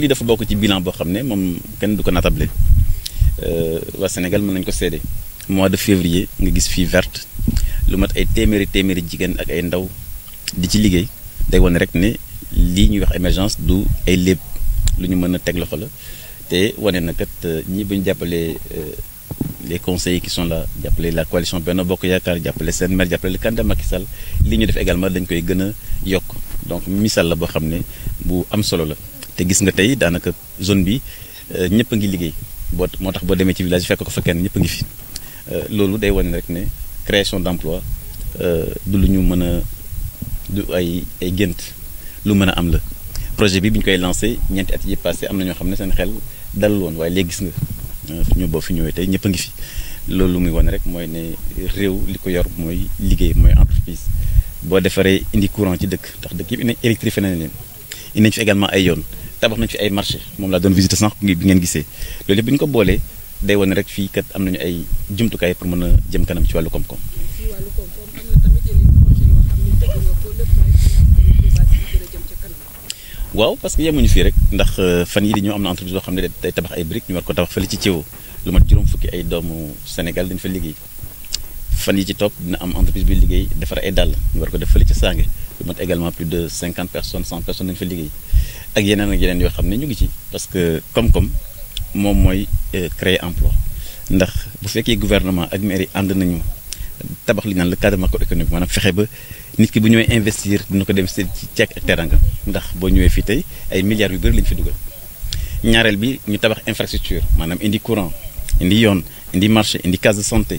li dafa bokk ci bilan boo xam ne moom kenn du ko natable euh, waa Sénégal mën nañ ko seede mois de février nga gis fii verte lu mat ay téeméeri téeméeri jigéen ak ay ndaw di ci liggéey day wane rek ne lii ñuy wax émergence du ay léeb lu ñu mën a teg loxo la te wane na kat euh, ñi bu ñu jàppalee euh, les conseillers qui sont là jàppale la coalition Benno Bokk Yaakaar jàppale seen maire jàppale le candidat Macky li ñu def également dañ koy gën a yokk donc misaal la boo xam ne bu am solo la te gis nga tey daanaka zone bi euh, ñëpp a ngi liggéey boo moo tax boo demee ci village fekk ko fa kenn ñëpp a ngi fi euh, loolu day wane rek ne création d'emploi euh, du lu ñu mën a du ay ay gént lu mën a am la projet bi bi ñu koy lancé ñeenti at yi passé am na ñoo xam ne seen xel dalul woon waaye léegi gis nga ñu boo fi ñëwee tey ñëpp a ngi fi loolu muy wane rek mooy ne réew li ko yor mooy liggéey mooy entreprise boo defaree indi courant ci dëkk ndax dëkk yëpp ina électrifié nañ leen indi fi également ay yoon tabax nañ fi ay marché moom laa doon visité sànq bi ngeen gisee loolu yëpp bu ñu ko boolee day wone rek fii kat am nañu ay jumtukaay pour mën a jëm kanam ci wàllu koom-koom. waaw parce que yemuñu fii rek ndax euh, fan yi di ñoo am na entreprise boo xam ne day tabax ay briques ñu war ko tabax fele ci ci Thiéwo lu mat juróom fukki ay doomu Sénégal dañ fa liggéey fan yi ci topp dina am entreprise bi liggéey defar ay dal ñu war ko def fële ci Sange lu mat également plus de 50 personnes 100 personnes nañu fa liggéey ak yeneen ak yeneen yoo xam ne ñu ngi ci parce que comme comme, moom mooy euh, créer emploi ndax bu fekkee gouvernement ak mairie ànd nañu tabax li naan le cadre macroéconomique maanaam fexe ba nit ki bu ñëwee investir dina ko dem ci ceek ak teranga ndax boo ñëwee fii tey ay milliards yu bëri lañu fi dugal ñaareel bi ñu tabax infrastructure maanaam indi courant indi yoon indi marché indi case de santé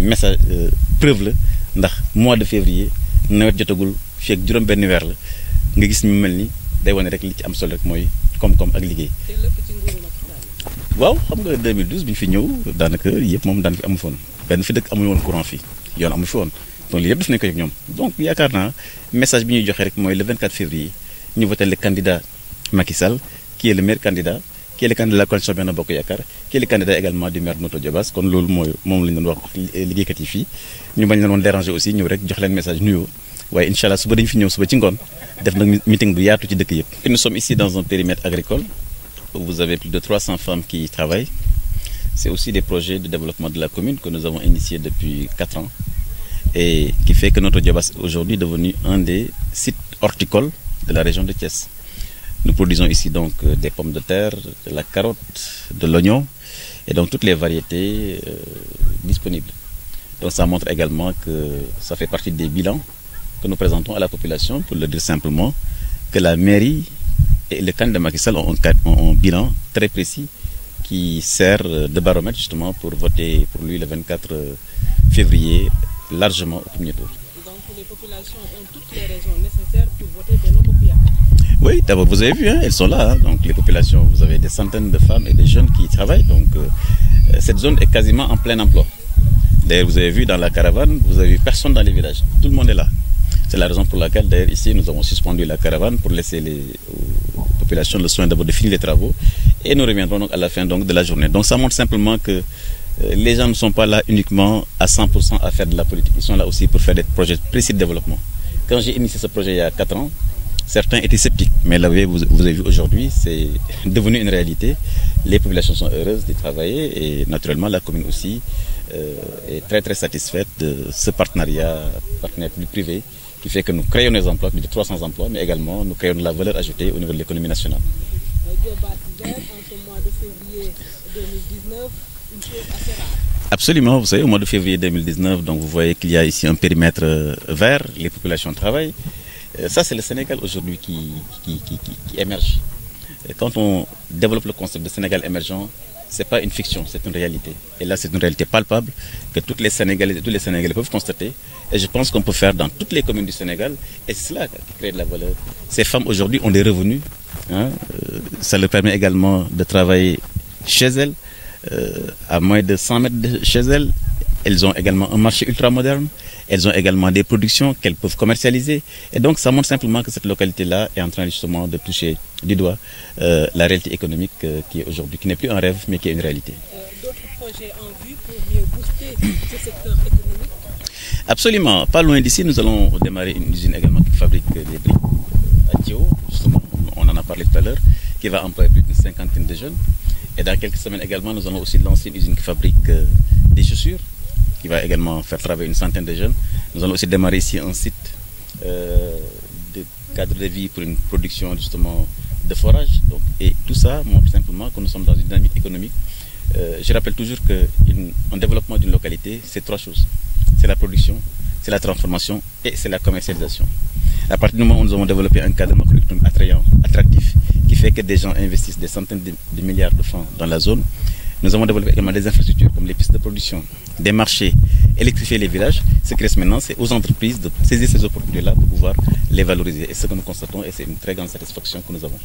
message euh, preuve la ndax mois de février nawet jotagul fii ak juróom benn weer la nga gis ñu mel ni day wane rek li ci am solo rek mooy koom-koom ak liggéey. waaw xam nga 2012 bi fi ñëw daanaka yëpp moom daan fi amu foon benn fi dëkk amul woon courant fii yoon amu fi woon donc lii yëpp def nañ ko ak ñoom donc yaakaar naa message bi ñuy joxe rek mooy le 24 février ñu voté le candidat Macky Sall qui est le meilleur candidat qui est le candidat de la Bokk qui est le candidat également du maire de Notto Diobass kon loolu mooy moom la ñu doon wax Nous avons déranger aussi nous rek jox leen message nuyoo waaye inchallah allah fi un suba ci meeting de yaatu ci nous sommes ici dans un périmètre agricole où vous avez plus de 300 femmes qui travaillent c'est aussi des projets de développement de la commune que nous avons initiés depuis 4 ans et qui fait que notre est aujourd'hui devenu un des sites horticoles de la région de Thiès. Nous produisons ici donc euh, des pommes de terre, de la carotte, de l'oignon et donc toutes les variétés euh, disponibles. Donc ça montre également que ça fait partie des bilans que nous présentons à la population pour le dire simplement que la mairie et le camp de Macky ont, un bilan très précis qui sert euh, de baromètre justement pour voter pour lui le 24 février largement au premier tour. Donc les populations ont toutes les raisons nécessaires pour voter oui, d'abord, vous avez vu, hein, elles sont là. Hein. donc, les populations, vous avez des centaines de femmes et des jeunes qui travaillent. Donc, euh, euh, cette zone est quasiment en plein emploi. D'ailleurs, vous avez vu dans la caravane, vous avez vu personne dans les villages. Tout le monde est là. C'est la raison pour laquelle, d'ailleurs, ici, nous avons suspendu la caravane pour laisser les populations le soin d'abord de finir les travaux. Et nous reviendrons à la fin donc, de la journée. Donc, ça montre simplement que euh, les gens ne sont pas là uniquement à 100% à faire de la politique. Ils sont là aussi pour faire des projets précis de développement. Quand j'ai initié ce projet il y a 4 ans, Certains étaient sceptiques, mais là, vous, avez vu aujourd'hui, c'est devenu une réalité. Les populations sont heureuses de travailler et naturellement la commune aussi euh, est très très satisfaite de ce partenariat, partenaire public-privé, qui fait que nous créons des emplois, plus de 300 emplois, mais également nous créons de la valeur ajoutée au niveau de l'économie nationale. Absolument, vous savez, au mois de février 2019, donc vous voyez qu'il y a ici un périmètre euh, vert, les populations travaillent. Euh, ça, c'est le Sénégal aujourd'hui qui, qui, émerge. quand on développe le concept de Sénégal émergent, ce n'est pas une fiction, c'est une réalité. Et là, c'est une réalité palpable que toutes les Sénégalais, tous les Sénégalais peuvent constater. Et je pense qu'on peut faire dans toutes les communes du Sénégal. Et c'est cela qui crée de la valeur. Ces femmes aujourd'hui ont des revenus. Hein, euh, ça leur permet également de travailler chez elles, euh, à moins de 100 mètres de chez elles. Elles ont également un marché ultra moderne. Elles ont également des productions qu'elles peuvent commercialiser. Et donc, ça montre simplement que cette localité-là est en train justement de toucher du doigt euh, la réalité économique euh, qui est aujourd'hui, qui n'est plus un rêve, mais qui est une réalité. Euh, d'autres projets en vue pour mieux booster ce secteur économique Absolument. Pas loin d'ici, nous allons démarrer une usine également qui fabrique des briques à justement, on en a parlé tout à l'heure, qui va employer plus d'une cinquantaine de jeunes. Et dans quelques semaines également, nous allons aussi lancer une usine qui fabrique des chaussures qui va également faire travailler une centaine de jeunes. Nous allons aussi démarrer ici un site euh, de cadre de vie pour une production justement de forage. et tout ça montre simplement que nous sommes dans une dynamique économique. Euh, je rappelle toujours qu'un développement d'une localité, c'est trois choses. C'est la production, c'est la transformation et c'est la commercialisation. À partir du moment où nous avons développé un cadre macroéconomique attrayant, attractif, qui fait que des gens investissent des centaines de milliards de francs dans la zone, nous avons développé des infrastructures comme les pistes de production, des marchés, électrifier les villages. Ce qui reste maintenant, c'est aux entreprises de saisir ces opportunités-là pour pouvoir les valoriser. Et ce que nous constatons, et c'est une très grande satisfaction que nous avons.